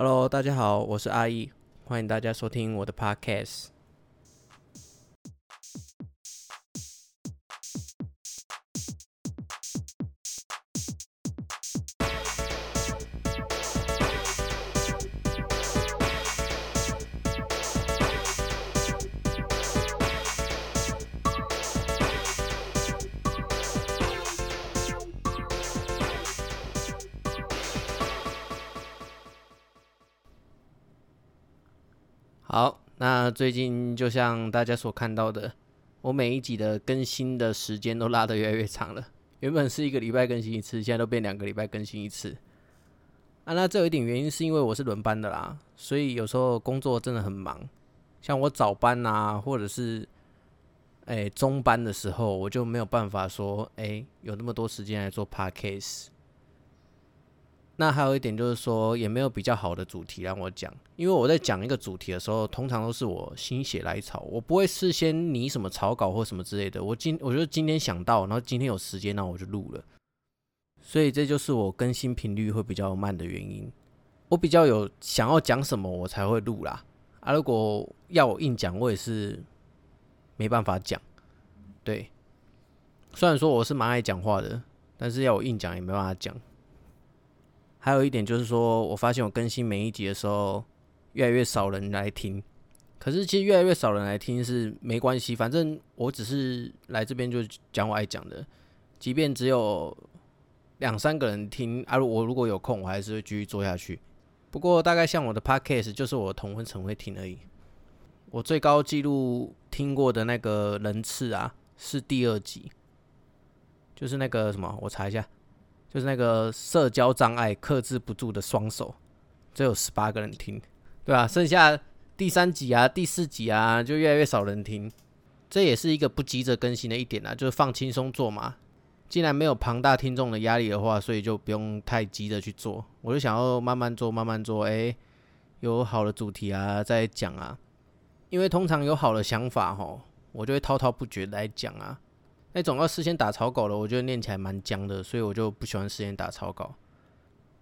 Hello，大家好，我是阿易，歡迎大家收聽我的 Podcast。好，那最近就像大家所看到的，我每一集的更新的時間都拉得越來越長了。原本是一個禮拜更新一次，現在都變兩個禮拜更新一次。啊，那這有一點原因是因為我是輪班的啦，所以有時候工作真的很忙。像我早班啊，或者是誒、欸、中班的時候，我就沒有辦法說誒、欸、有那麼多時間來做 Podcast。那還有一點就是說，也沒有比較好的主題讓我講，因為我在講一個主題的時候，通常都是我心血來潮，我不會事先擬什麼草稿或什麼之類的。我今我就今天想到，然後今天有時間，那我就錄了。所以這就是我更新頻率會比較慢的原因。我比較有想要講什麼，我才會錄啦。啊，如果要我硬講，我也是沒辦法講。對，雖然說我是蠻愛講話的，但是要我硬講也沒辦法講。還有一點就是說，我發現我更新每一集的時候，越來越少人來聽。可是其實越來越少人來聽是沒關係，反正我只是來這邊就講我愛講的，即便只有兩三個人聽啊，我如果有空，我還是會繼續做下去。不過大概像我的 podcast，就是我的同溫層會聽而已。我最高紀錄聽過的那個人次啊，是第二集，就是那個什麼，我查一下。就是那個社交障礙，克制不住的雙手，只有十八個人聽，對吧？啊？剩下第三集啊、第四集啊，就越來越少人聽，這也是一個不急着更新的一點啊，就是放輕鬆做嘛。既然沒有龐大聽眾的壓力的話，所以就不用太急着去做。我就想要慢慢做，慢慢做。誒，有好的主題啊，再講啊。因為通常有好的想法吼，我就會滔滔不絕來講啊。那種要事先打草稿的，我覺得念起來蠻僵的，所以我就不喜歡事先打草稿。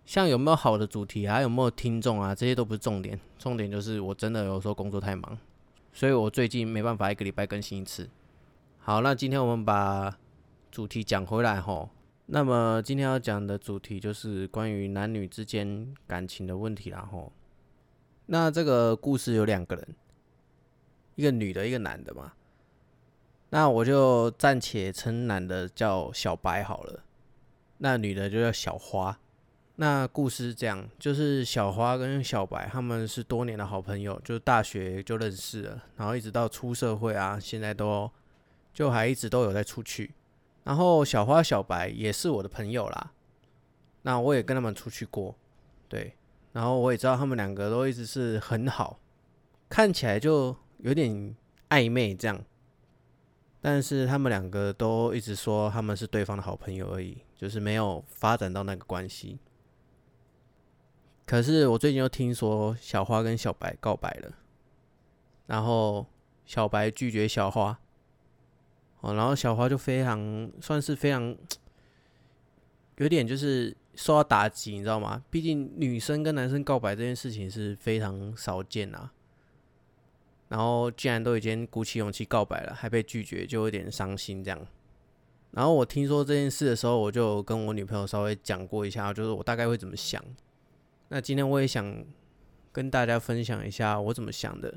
像有沒有好的主題啊，有沒有聽眾啊，這些都不是重點，重點就是我真的有時候工作太忙，所以我最近沒辦法一個禮拜更新一次。好，那今天我們把主題講回來吼。那麼今天要講的主題就是關於男女之間感情的問題啦吼。那這個故事有兩個人，一個女的，一個男的嘛。那我就暫且稱男的叫小白好了，那女的就叫小花。那故事這樣，就是小花跟小白他們是多年的好朋友，就大學就認識了，然後一直到出社會啊，現在都就還一直都有在出去。然後小花、小白也是我的朋友啦，那我也跟他們出去過，對，然後我也知道他們兩個都一直是很好，看起來就有點曖昧這樣。但是他們兩個都一直說他們是對方的好朋友而已，就是沒有發展到那個關係。可是我最近又聽說小花跟小白告白了，然後小白拒絕小花，哦，然後小花就非常算是非常有點就是受到打擊，你知道嗎？畢竟女生跟男生告白這件事情是非常少見啊。然後既然都已經鼓起勇氣告白了，還被拒絕，就有點傷心這樣。然後我聽說這件事的時候，我就跟我女朋友稍微講過一下，就是我大概會怎麼想。那今天我也想跟大家分享一下我怎麼想的。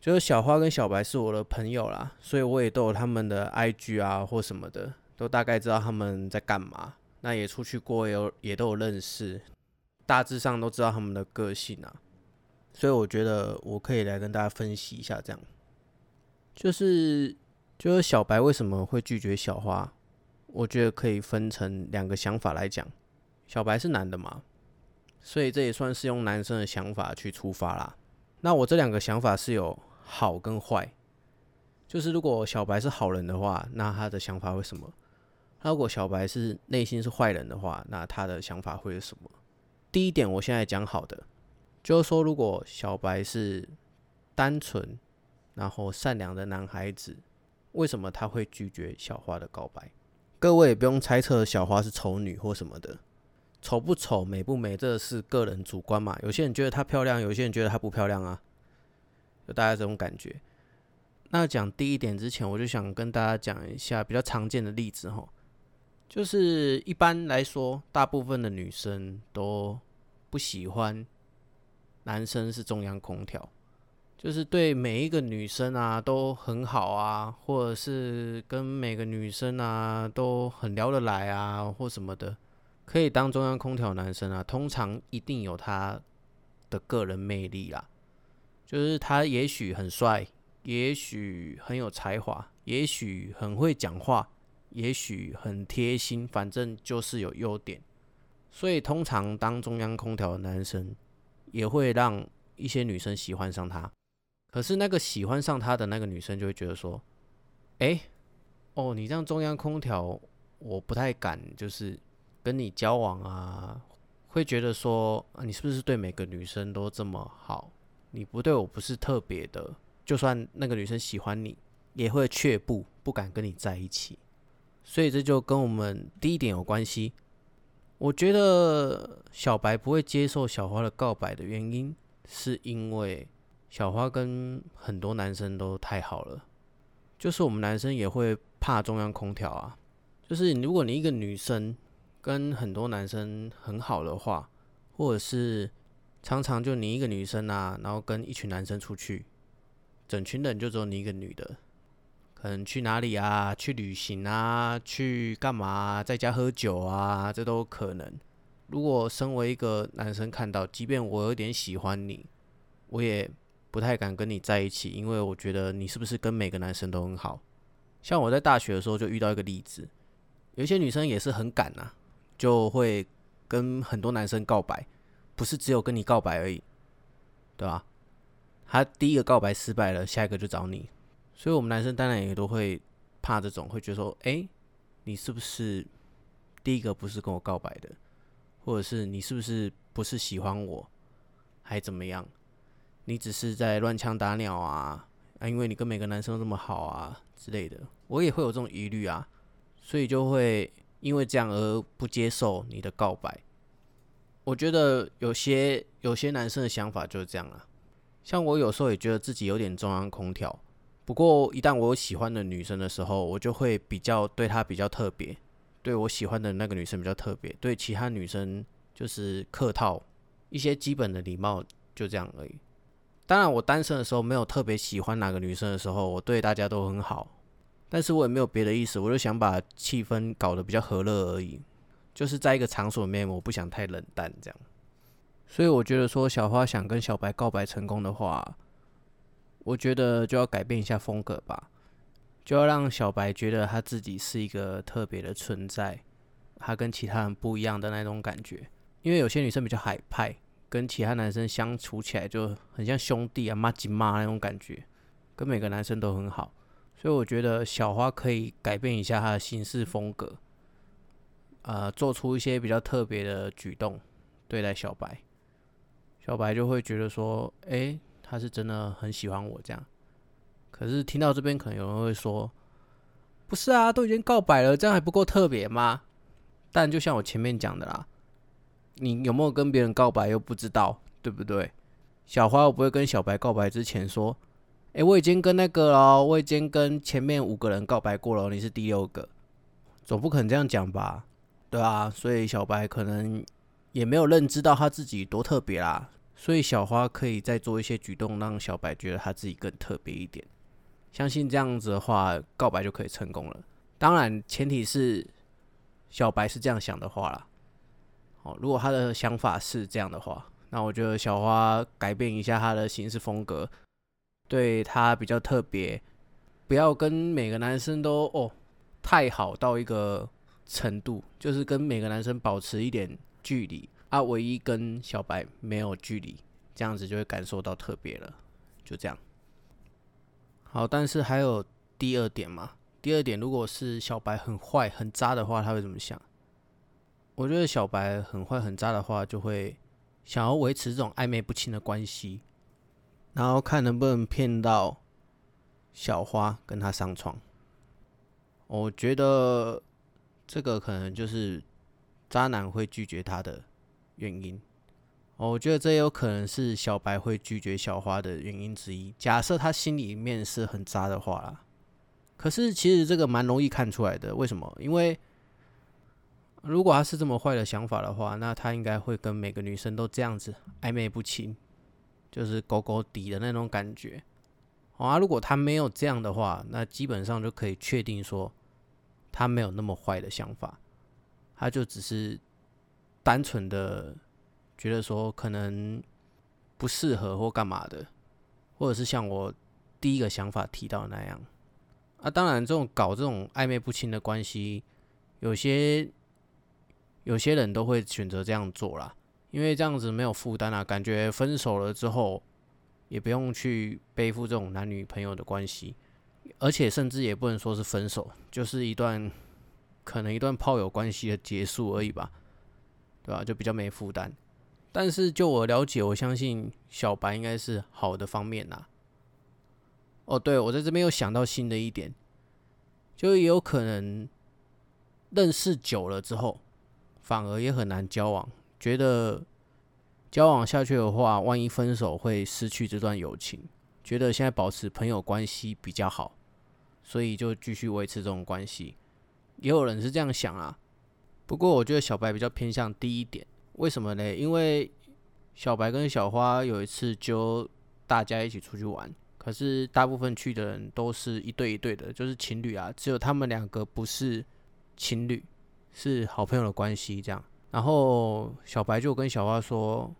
就是小花跟小白是我的朋友啦，所以我也都有他們的 IG 啊或什麼的，都大概知道他們在幹嘛。那也出去過，有也都有認識，大致上都知道他們的個性啊。所以我覺得我可以來跟大家分析一下，這樣就是就是小白為什麼會拒絕小花，我覺得可以分成兩個想法來講。小白是男的嘛，所以這也算是用男生的想法去出發啦。那我這兩個想法是有好跟壞，就是如果小白是好人的話，那他的想法會什麼？那如果小白是內心是壞人的話，那他的想法會是什麼？第一點，我現在講好的。就是說，如果小白是單純然後善良的男孩子，為什麼他會拒絕小花的告白？各位也不用猜測小花是醜女或什麼的，醜不醜、美不美，這是個人主觀嘛。有些人覺得她漂亮，有些人覺得她不漂亮啊，就大家這種感覺。那講第一點之前，我就想跟大家講一下比較常見的例子哈，就是一般來說，大部分的女生都不喜歡。男生是中央空調，就是對每一個女生啊都很好啊，或者是跟每個女生啊都很聊得來啊，或什麼的，可以當中央空調男生啊，通常一定有他的個人魅力啦。就是他也許很帥，也許很有才華，也許很會講話，也許很貼心，反正就是有優點。所以通常當中央空調的男生，也會讓一些女生喜歡上他，可是那個喜歡上他的那個女生就會覺得說，誒，哦，你這樣中央空調，我不太敢就是跟你交往啊，會覺得說，啊，你是不是對每個女生都這麼好？你不對我不是特別的，就算那個女生喜歡你，也會卻步，不敢跟你在一起。所以這就跟我們第一點有關係。我覺得小白不會接受小花的告白的原因，是因為小花跟很多男生都太好了。就是我們男生也會怕中央空調啊。就是如果你一個女生跟很多男生很好的話，或者是常常就你一個女生啊，然後跟一群男生出去，整群人就只有你一個女的。嗯，去哪裡啊？去旅行啊？去幹嘛啊？在家喝酒啊？這都可能。如果身為一個男生看到，即便我有點喜歡你，我也不太敢跟你在一起，因為我覺得你是不是跟每個男生都很好？像我在大學的時候就遇到一個例子，有些女生也是很敢啊，就會跟很多男生告白，不是只有跟你告白而已，對吧？她第一個告白失敗了，下一個就找你。所以我們男生當然也都會怕這種，會覺得說：“哎，你是不是第一個不是跟我告白的？或者是你是不是不是喜歡我？還怎麼樣？你只是在亂槍打鳥啊？啊，因為你跟每個男生都這麼好啊之類的。”我也會有這種疑慮啊，所以就會因為這樣而不接受你的告白。我覺得有些有些男生的想法就是這樣啦。像我有時候也覺得自己有點中央空調。不過，一旦我有喜歡的女生的時候，我就會比較對她比較特別，對我喜歡的那個女生比較特別，對其他女生就是客套一些基本的禮貌，就這樣而已。當然，我單身的時候沒有特別喜歡哪個女生的時候，我對大家都很好，但是我也沒有別的意思，我就想把氣氛搞得比較和樂而已，就是在一個場所裡面，我不想太冷淡這樣。所以我覺得說，小花想跟小白告白成功的話。我覺得就要改變一下風格吧，就要讓小白覺得他自己是一個特別的存在，他跟其他人不一樣的那種感覺。因為有些女生比較海派，跟其他男生相處起來就很像兄弟啊，麻吉嘛那種感覺，跟每個男生都很好。所以我覺得小花可以改變一下她的行事風格，呃，做出一些比較特別的舉動對待小白，小白就會覺得說，誒……他是真的很喜歡我這樣。可是聽到這邊可能有人會說，不是啊，都已經告白了，這樣還不夠特別嗎？但就像我前面講的啦，你有沒有跟別人告白又不知道，對不對？小花又不會跟小白告白之前說，欸，我已經跟那個嘍，我已經跟前面五個人告白過了，你是第六個，總不可能這樣講吧？對啊，所以小白可能也沒有認知到他自己多特別啦。所以小花可以再做一些舉動，讓小白覺得他自己更特別一點。相信這樣子的話，告白就可以成功了。當然，前提是小白是這樣想的話啦。哦，如果他的想法是這樣的話，那我覺得小花改變一下他的行事風格，對他比較特別。不要跟每個男生都哦太好到一個程度，就是跟每個男生保持一點距離。他、啊、唯一跟小白沒有距離，這樣子就會感受到特別了。就這樣，好，但是還有第二點嘛。第二點，如果是小白很壞很渣的話，他會怎麼想？我覺得小白很壞很渣的話，就會想要維持這種曖昧不清的關係，然後看能不能騙到小花跟他上床。我覺得這個可能就是渣男會拒絕他的原因、哦、我覺得這有可能是小白會拒絕小花的原因之一。假設他心裡面是很渣的話啦，可是其實這個蠻容易看出來的。為什麼？因為如果他是這麼壞的想法的話，那他應該會跟每個女生都這樣子曖昧不清，就是勾勾底的那種感覺。哦、啊，如果他沒有這樣的話，那基本上就可以確定說他沒有那麼壞的想法，他就只是。單純的覺得說可能不適合或幹嘛的，或者是像我第一個想法提到的那樣啊。當然這種搞這種曖昧不清的關係，有些有些人都會選擇這樣做啦，因為這樣子沒有負擔啊，感覺分手了之後也不用去背負這種男女朋友的關係，而且甚至也不能說是分手，就是一段可能一段炮友關係的結束而已吧。對吧？就比較沒負擔，但是就我了解，我相信小白應該是好的方面啦、啊、哦，對，我在這邊又想到新的一點，就也有可能認識久了之後，反而也很難交往，覺得交往下去的話，萬一分手會失去這段友情，覺得現在保持朋友關係比較好，所以就繼續維持這種關係。也有人是這樣想啊。不過我覺得小白比較偏向第一點，為什麼呢？因為小白跟小花有一次就大家一起出去玩，可是大部分去的人都是一對一對的，就是情侶啊，只有他們兩個不是情侶，是好朋友的關係這樣。然後小白就跟小花說，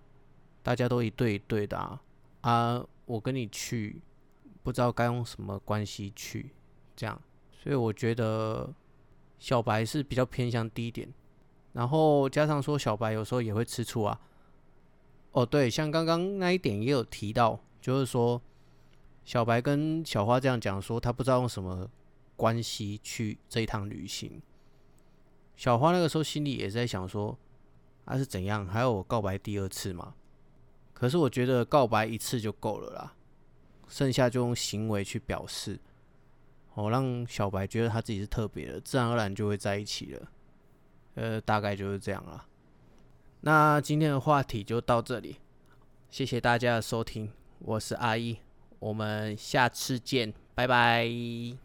大家都一對一對的啊，啊，我跟你去，不知道該用什麼關係去這樣，所以我覺得。小白是比較偏向低一點，然後加上說小白有時候也會吃醋啊。哦，對，像剛剛那一點也有提到，就是說小白跟小花這樣講說，他不知道用什麼關係去這一趟旅行。小花那個時候心裡也在想說，他、啊、是怎樣？還要我告白第二次嗎？可是我覺得告白一次就夠了啦，剩下就用行為去表示。我、哦、讓小白覺得他自己是特別的，自然而然就會在一起了。呃，大概就是這樣啦。那今天的話題就到這裡，謝謝大家的收聽，我是阿一，我們下次見，拜拜。